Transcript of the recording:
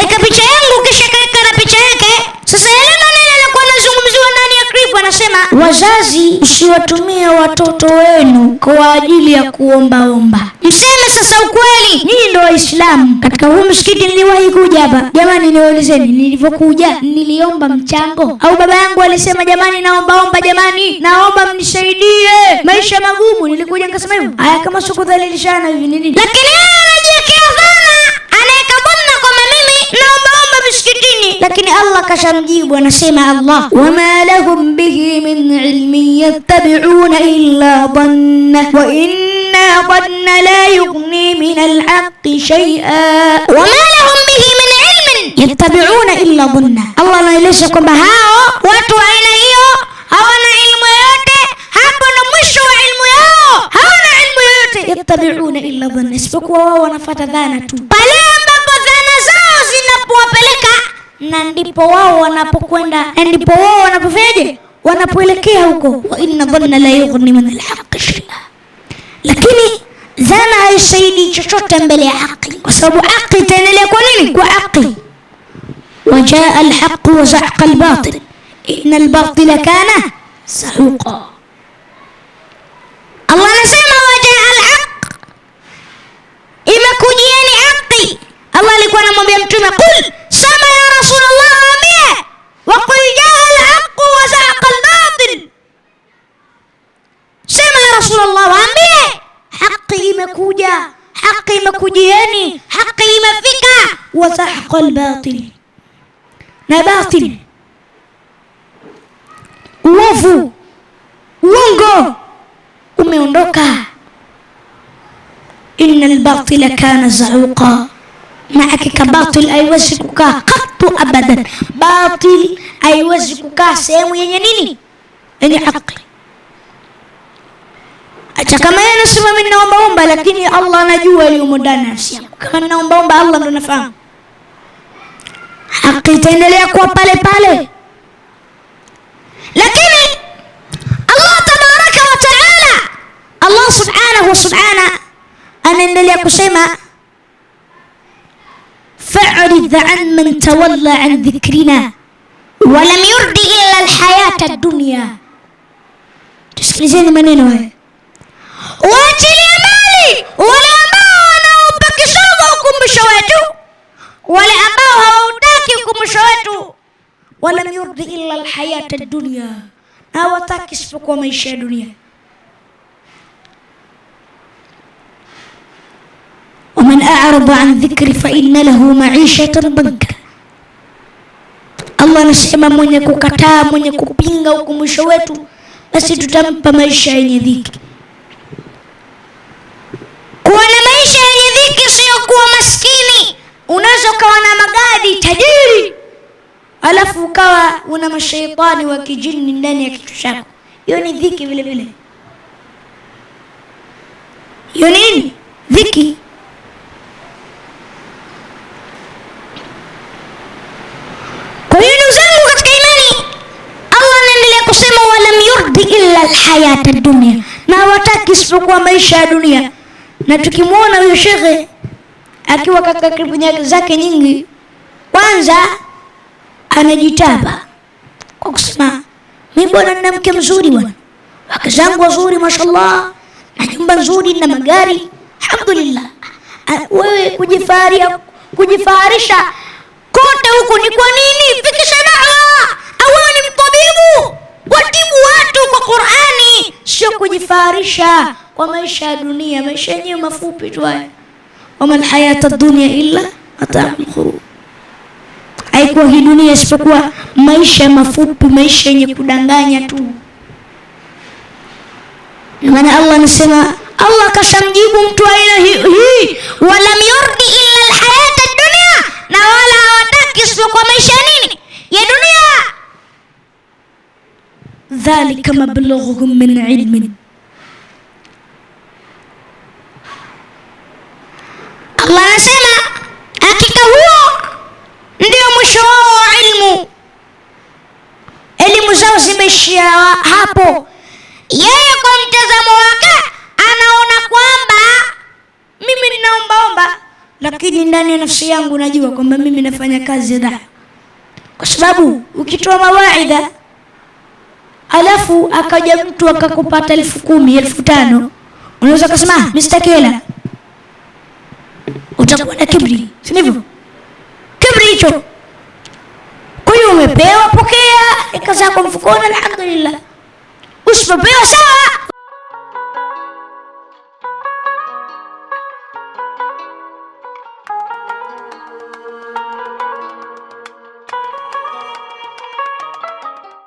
kaika picha yangu kisha kaweka na picha yake. Sasa yale maneno yalikuwa yanazungumziwa ndani ya clip, anasema wazazi, msiwatumie watoto wenu kwa ajili ya kuombaomba, mseme sasa ukweli. Nyinyi ndio Waislamu. Katika huu msikiti niliwahi kuja hapa, jamani, niwaelezeni nilivyokuja, niliomba mchango au baba yangu alisema, jamani, naombaomba, jamani, naomba mnisaidie, maisha magumu. Nilikuja nikasema hivyo, haya, kama sikudhalilishana hivi nini, lakini لكن الله كشر جيب ونسمع الله وما لهم به من علم يتبعون إلا ظنه وإنا ظن لا يغني من الحق شيئا وما لهم به من علم يتبعون إلا ظنه الله لا يلسى كما هاو watu wa aina hiyo hawana ilmu yoyote hapo na mwisho wa ilmu yao hawana ilmu yoyote yattabiuna illa dhanna isipokuwa wao wanafata dhana tu bali na ndipo wao wanapokwenda, na ndipo wao wanapofanyaje, wanapoelekea huko. wa inna dhanna la yughni min alhaqi shay'a, lakini dhana haishaidi chochote mbele ya haki, kwa sababu haki itaendelea. Kwa nini? Kwa haki. wajaa alhaqu wa zahaqa albatil inna albatila kana sahuqa. Allah anasema wajaa alhaq, imekujieni haki. Allah alikuwa anamwambia Mtume kul imekuja, haki imekujieni, haki imefika. Wasahaqa albatil, na batil uovu uongo umeondoka. Inna albatila kana zauqa, na hakika batil haiwezi kukaa katu abadan. Batil haiwezi kukaa sehemu yenye nini, yenye haki mimi naombaomba, lakini Allah anajua yumo ndani ya nafsi yangu. Kama naombaomba, Allah ndo nafahamu. Haki itaendelea kuwa pale pale, lakini Allah tabaraka wa taala, Allah subhanahu wa subhana anaendelea kusema فاعرض عن من تولى عن ذكرنا ولم يرد الا الحياه الدنيا ad منين Tusikilizeni walam yurdi illa alhayata dunya, na hawataki isipokuwa maisha ya dunia. waman arada an dhikri fa inna lahu maishatan banka, Allah anasema mwenye kukataa, mwenye kupinga ukumbusho wetu, basi tutampa maisha yenye dhiki. Kuwa na maisha yenye dhiki siyo kuwa maskini. Unaweza ukawa na magadi tajiri alafu ukawa una mashaitani wa kijini ndani ya kichwa chako, hiyo ni dhiki vile vile. Hiyo nini? Dhiki. Kwa hiyo ndugu zangu katika imani, Allah anaendelea kusema walam yurdi illa alhayata dunia, na wataki isipokuwa maisha ya dunia. Na tukimwona huyo shekhe akiwa katika klipu zake nyingi, kwanza anajitaba kwa kusema mimi bwana nina mke mzuri bwana, wake zangu wazuri, mashallah, na nyumba nzuri na magari, alhamdulillah. Wewe kujifaharia kujifaharisha kote huku ni kwa nini? Fikisha dawa au wewe ni mtabibu, watibu watu kwa Qur'ani, sio kujifaharisha kwa maisha ya dunia. Maisha yenyewe mafupi tu haya, wamalhayata dunia dunya illa mata'ul ghurur kwa hii dunia, isipokuwa maisha mafupi, maisha yenye kudanganya tu. maana Allah anasema, Allah kashamjibu mtu aina hii hi, walam yurdi illa alhayata dunia, na wala hawataki isipokuwa maisha nini ya dunia. Dhalika mablughuhum min ilmin Allah anasema kuishia hapo. Yeye kwa mtazamo wake anaona kwamba mimi ninaombaomba, lakini ndani ya nafsi yangu najua kwamba mimi nafanya kazi dha, kwa sababu ukitoa mawaidha alafu akaja mtu akakupata elfu kumi elfu tano unaweza kusema ah, mimi sitaki hela, utakuwa na kibri, si ndivyo? Kibri hicho ومبيوة بكية إكزاكم فكونا الحمد لله وش مبيوة سوا